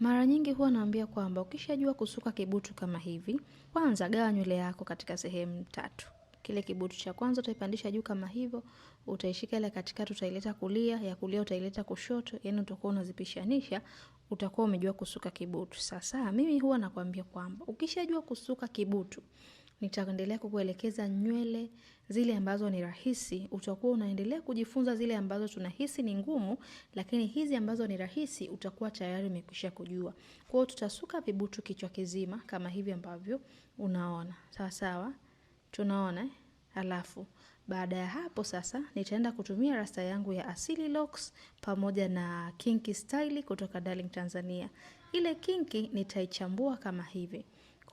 Mara nyingi huwa naambia kwamba ukishajua kusuka kibutu kama hivi, kwanza gawa nywele yako katika sehemu tatu. Kile kibutu cha kwanza utaipandisha juu kama hivyo, utaishika ile katikati, utaileta kulia, ya kulia utaileta kushoto, yani utakuwa unazipishanisha, utakuwa umejua kusuka kibutu. Sasa mimi huwa nakwambia kwamba ukishajua kusuka kibutu nitaendelea kukuelekeza nywele zile ambazo ni rahisi. Utakuwa unaendelea kujifunza zile ambazo tunahisi ni ngumu, lakini hizi ambazo ni rahisi utakuwa tayari umekwisha kujua. Kwa hiyo tutasuka vibutu kichwa kizima kama hivi ambavyo unaona, sawa sawa, tunaona. Halafu eh? baada ya hapo sasa nitaenda kutumia rasta yangu ya asili locks pamoja na kinky style kutoka Darling Tanzania. Ile kinki nitaichambua kama hivi.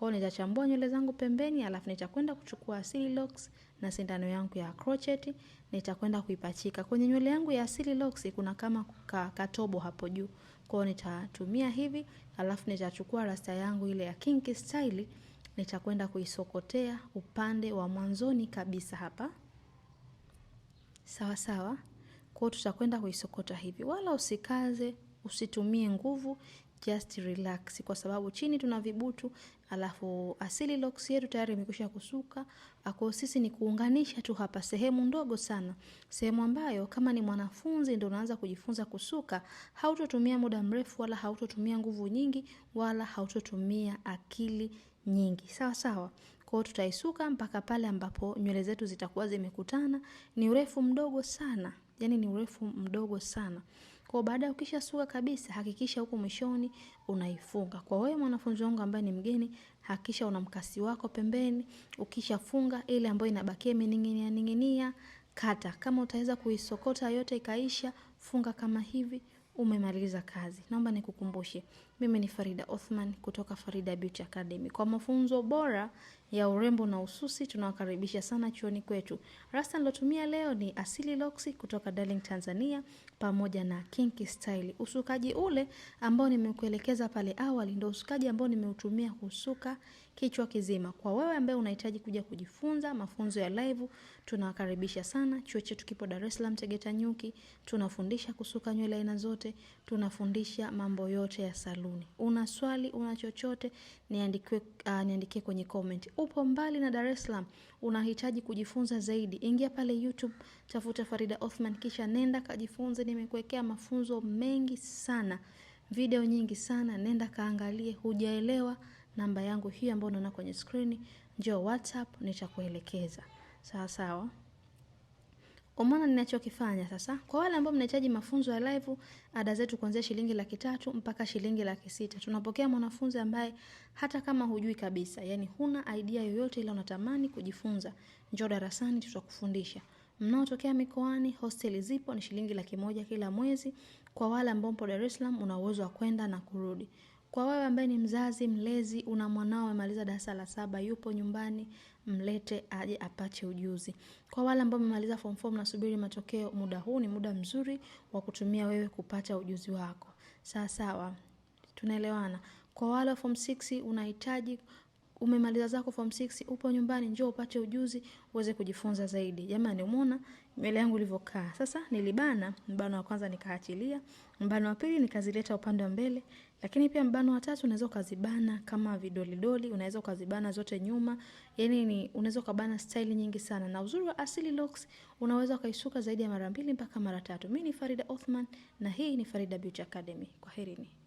Kwa hiyo nitachambua nywele zangu pembeni, alafu nitakwenda kuchukua asili locks na sindano yangu ya crochet, nitakwenda kuipachika kwenye nywele yangu ya asili locks. Kuna kama ka, katobo hapo juu, kwa hiyo nitatumia hivi, alafu nitachukua rasta yangu ile ya kinky style, nitakwenda kuisokotea upande wa mwanzoni kabisa hapa, sawa sawa. Kwa hiyo tutakwenda kuisokota hivi, wala usikaze, usitumie nguvu just relax, kwa sababu chini tuna vibutu alafu asili locks yetu tayari imekwisha kusuka. Kwa sisi ni kuunganisha tu hapa sehemu ndogo sana, sehemu ambayo kama ni mwanafunzi ndio unaanza kujifunza kusuka, hautotumia muda mrefu wala hautotumia nguvu nyingi wala hautotumia akili nyingi, sawa sawa. Kwa tutaisuka mpaka pale ambapo nywele zetu zitakuwa zimekutana. Ni urefu mdogo sana, yani ni urefu mdogo sana. Kwa baada ya ukisha suka kabisa, hakikisha huku mwishoni unaifunga. Kwa wewe mwanafunzi wangu ambaye ni mgeni, hakikisha una mkasi wako pembeni. Ukishafunga ile ambayo inabakia imening'inia ning'inia, kata. Kama utaweza kuisokota yote ikaisha, funga kama hivi umemaliza kazi. Naomba nikukumbushe, mimi ni Farida Othman kutoka Farida Beauty Academy. Kwa mafunzo bora ya urembo na ususi, tunawakaribisha sana chuoni kwetu. Rasta nilotumia leo ni Asili Loksi kutoka Darling Tanzania pamoja na Kinky Style. Usukaji ule ambao nimekuelekeza pale awali ndio usukaji ambao nimeutumia kusuka kichwa kizima. Kwa wewe ambaye unahitaji kuja kujifunza mafunzo ya live, tunawakaribisha sana. Chuo chetu kipo Dar es Salaam Tegeta Nyuki. Tunafundisha kusuka nywele aina zote, tunafundisha mambo yote ya saluni. Una swali, una chochote, niandikie uh, ah, niandikie kwenye comment. Upo mbali na Dar es Salaam, unahitaji kujifunza zaidi, ingia pale YouTube, tafuta Farida Othman, kisha nenda kajifunze. Nimekuwekea mafunzo mengi sana, video nyingi sana, nenda kaangalie. Hujaelewa namba yangu hii ambayo unaona kwenye skrini, njoo WhatsApp nitakuelekeza. Sawa sawa. Umeona ninachokifanya sasa? Kwa wale ambao mnahitaji mafunzo ya live, ada zetu kuanzia shilingi laki tatu mpaka shilingi laki sita. Tunapokea mwanafunzi ambaye hata kama hujui kabisa, yani huna idea yoyote ila unatamani kujifunza. Njoo darasani tutakufundisha. Mnaotokea mikoani, hosteli zipo, ni shilingi laki moja kila mwezi. Kwa wale ambao mpo Dar es Salaam, una uwezo wa kwenda na kurudi. Kwa wewe ambaye ni mzazi mlezi, una mwanao amemaliza darasa la saba, yupo nyumbani, mlete aje apache ujuzi. Kwa wale ambao mmemaliza form four mnasubiri matokeo, muda huu ni muda mzuri wa kutumia wewe kupata ujuzi wako. Sawa sawa, tunaelewana. Kwa wale wa form 6 unahitaji umemaliza zako form 6 upo nyumbani, njoo upate ujuzi uweze kujifunza zaidi. Jamani, umeona nywele yangu ilivyokaa? Sasa nilibana mbano wa kwanza nikaachilia, mbano wa pili nikazileta upande wa mbele, lakini pia mbano wa tatu unaweza ukazibana kama vidolidoli, unaweza ukazibana zote nyuma. Yani ni unaweza ukabana style nyingi sana, na uzuri wa Asili Locks unaweza ukaisuka zaidi ya mara mbili mpaka mara tatu. Mimi ni Farida Othman na hii ni Farida Beauty Academy. Kwaherini.